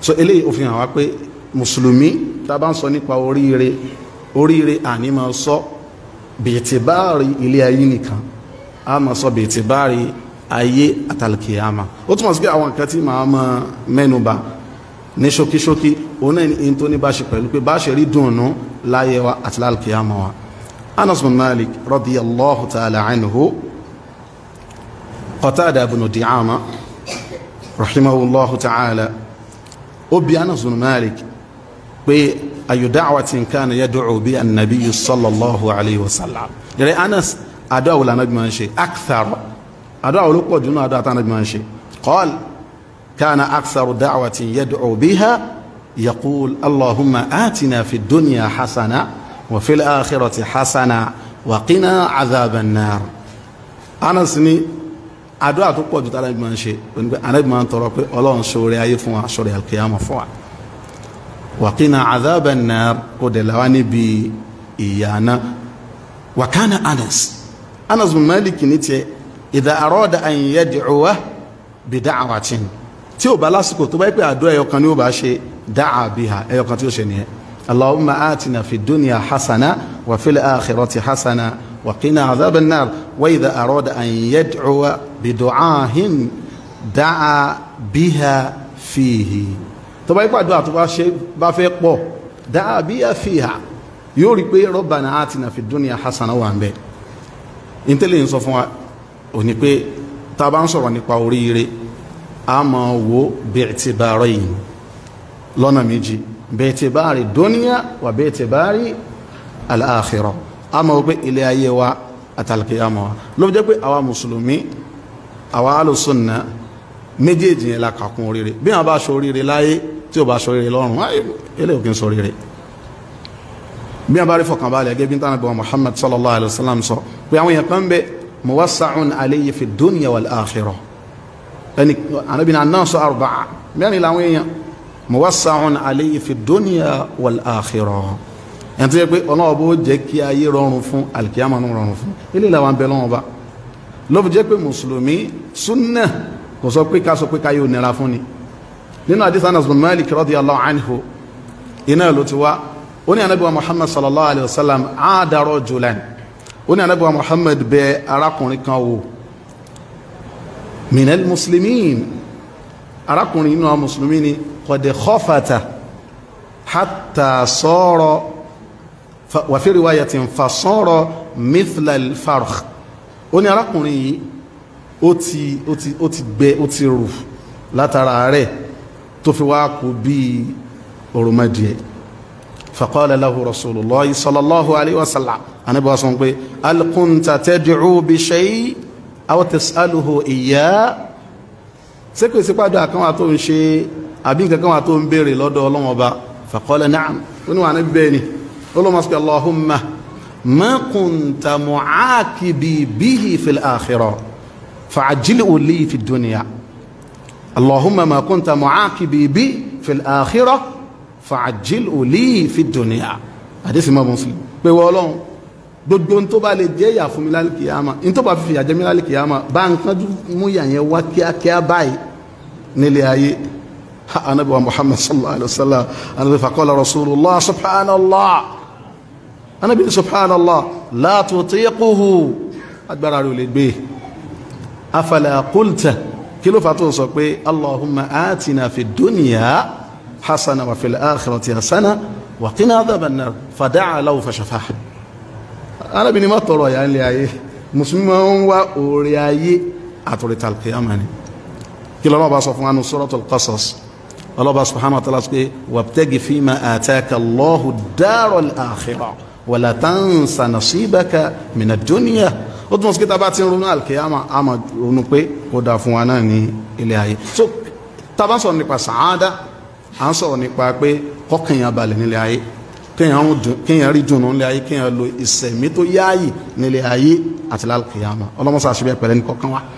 so eléyìí òfin hàn wá pé mùsùlùmí tá a bá ń sọ nípa oríire oríire àní máa sọ bìtìbáàrí ilé ayé nìkan a máa sọ bìtìbáàrí ayé àtàlùkìyàmà ó túmọ̀ sí pé àwọn nǹkan tí màá máa mẹ́nuba ní ṣókíṣókí òun náà ní tó ní bá ṣe pẹ̀lú pé bá ṣe rí dùnnú láyé wa àti lálùkìyàmà wa anas bin malik radiyallahu ta'ala anhu qatada ibn di'ama rahimahullahu ta'ala وبيانا أنس بن مالك بأي دعوة كان يدعو بي النبي صلى الله عليه وسلم يعني أنا أدعو لنبي من شيء أكثر أدعو لقوة جنة أدعو لنبي من شيء قال كان أكثر دعوة يدعو بها يقول اللهم آتنا في الدنيا حسنة وفي الآخرة حسنة وقنا عذاب النار أنسني àdúrà tó pọ̀ ju tá anábì máa ń ṣe onígbà anábì máa ń tọrọ pé ọlọ́run ṣoore ayé fún wa ṣoore alkiyama fún wa wàkínà azaban nar kò dẹ̀ làwa níbi ìyànà wàkánà anas anas bin malik ní tiẹ̀ ìdá àrọ́dà an yad'uwa bi da'watin tí ò bá lásìkò tó bá yẹ pé àdúrà ẹyọkan ni ó bá ṣe da'a biha ẹyọkan tí ó ṣe nìyẹn allahumma atina fi dunya hasana wa fil akhirati hasana وقنا عذاب النار وإذا أراد أن يدعو بدعاء دعا بها فيه tó bá yípa àdúrà tó bá ṣe bá fẹ́ pọ̀ dáa bí a fi hà yóò rí pé rabbana atina fid dunya hasana wà ń bẹ ìtẹ́lẹ̀ ń sọ fún wa ò ní pé tá a bá ń sọ̀rọ̀ nípa oríire a máa wo bi'tibarayn lọ́nà méjì bi'tibari dunya wa bi'tibari al-akhirah a máa wọ pé ilé ayé wa àtàlùkìyàmọ̀ wa ló fi jẹ́ pé àwa mùsùlùmí àwa alùsùnà méjèèjì yẹn la kàkún oríire bí wọn bá aṣọ oríire láyé tí o bá aṣọ oríire lọ́rùn eléyìí kì í sọ oríire bí wọn bá rí fọkànbalẹ̀ gẹ́gẹ́ bí n tàn bọ̀ Muhammad sallallahu alayhi wa sallam sọ pé àwọn yẹn kan bẹ muwasaun alayhi fi dunya wal akhirah ẹni anabi na anáà sọ arba'a mẹ́rin làwọn èèyàn muwasaun alayhi fi dunya wal akhirah ẹni tó yẹ pé ọlọ́wọ́ bó jẹ́ kí ayé rọrùn fún alìkíyàmà náà rọrùn fún ilé làwọn abẹ lọ́wọ́ bá lọ́wọ́ jẹ́ pé mùsùlùmí súnà kò sọ pé ká sọ pé káyé onira fún ni nínú àdìs Anas bin Malik radiyallahu anhu iná ló ti wá ó ní anábíwá Muhammad sallallahu alayhi wa sallam aada rajulan ó ní anábíwá Muhammad bẹ arákùnrin kan wò minal muslimin arákùnrin inú àwọn mùsùlùmí ni qad khafata hatta sara wàfí riwaya ti ń fa sọ́rọ̀ mithlal farh ó ní arákùnrin yìí ó ti ó ti ó ti gbẹ ó ti rù látara rẹ̀ tó fi wá kú bíi òròmọdìẹ faqala lahu rasulullah sallallahu alayhi wa sallam anabi wa sọ pé alkunta tad'u bi shay aw tas'aluhu iya sẹ́kùn ìsípàdé àkànwà tó ń ṣe àbí nǹkan kan wà tó ń béèrè lọ́dọ̀ ọlọ́wọ́n ọba faqala ó ní wà ní bẹ́ẹ̀ ni olùmọ̀sí allahumma mẹ́kùntà mọ̀ákìbí bíhì fìlẹ̀ àkìrọ̀ fàájìlì òlì fi dúnìyà allahumma mẹ́kùntà mọ̀ákìbí bí fìlẹ̀ àkìrọ̀ fàájìlì òlì fi dúnìyà àdísì mọ́ mùsùlùmí pé wọ́n ọlọ́run gbogbo n tó bá lè jẹ́ ìyà fún mi lálẹ́ kìyàmá n tó bá fi fìyà jẹ́ mi lálẹ́ kìyàmá bá ń kánjú mú ìyà yẹn wá kíákíá báyìí nílé ayé anabi wa muhammad sallallahu alaihi wa sallam anabi faqala rasulullah subhanallah anábì ní subhanallah la tutiquhu agbára rẹ̀ ò lè gbé afala qulta kí ló fà tó sọ pé allahumma atina fi dunya hasana wa fil akhirati hasana wa qina adhaban nar fada'a lahu fashafah anábì ní má tọrọ ìyà ńlẹ̀ ayé musulmi máa ń wá oore ayé àtòrítà alkiyama ni kí lọ́wọ́ bá sọ fún anu suratul qasas ọlọ́ba subhanahu wa ta'ala sọ pé wabtagi fima ataka Allahu daral akhirah wàlá tansa nasibaka mina dunya ó túnmọ̀ sí kí tábà ti ń ronú àlùkìyàmà àmọ̀ ronú pé kó dáa fún wa náà ní ilé ayé so tábà sọ̀rọ̀ nípa sàádà à ń sọ̀rọ̀ nípa pé kọ́kànyàn balẹ̀ nílé ayé kéèyàn rí dùnú nílé ayé kéèyàn lo ìsẹ̀mí tó yáàyè nílé ayé àti lálùkìyàmà ọlọ́mọsàṣẹ́bẹ̀ pẹ̀lẹ́ ní kọ́kàn wa.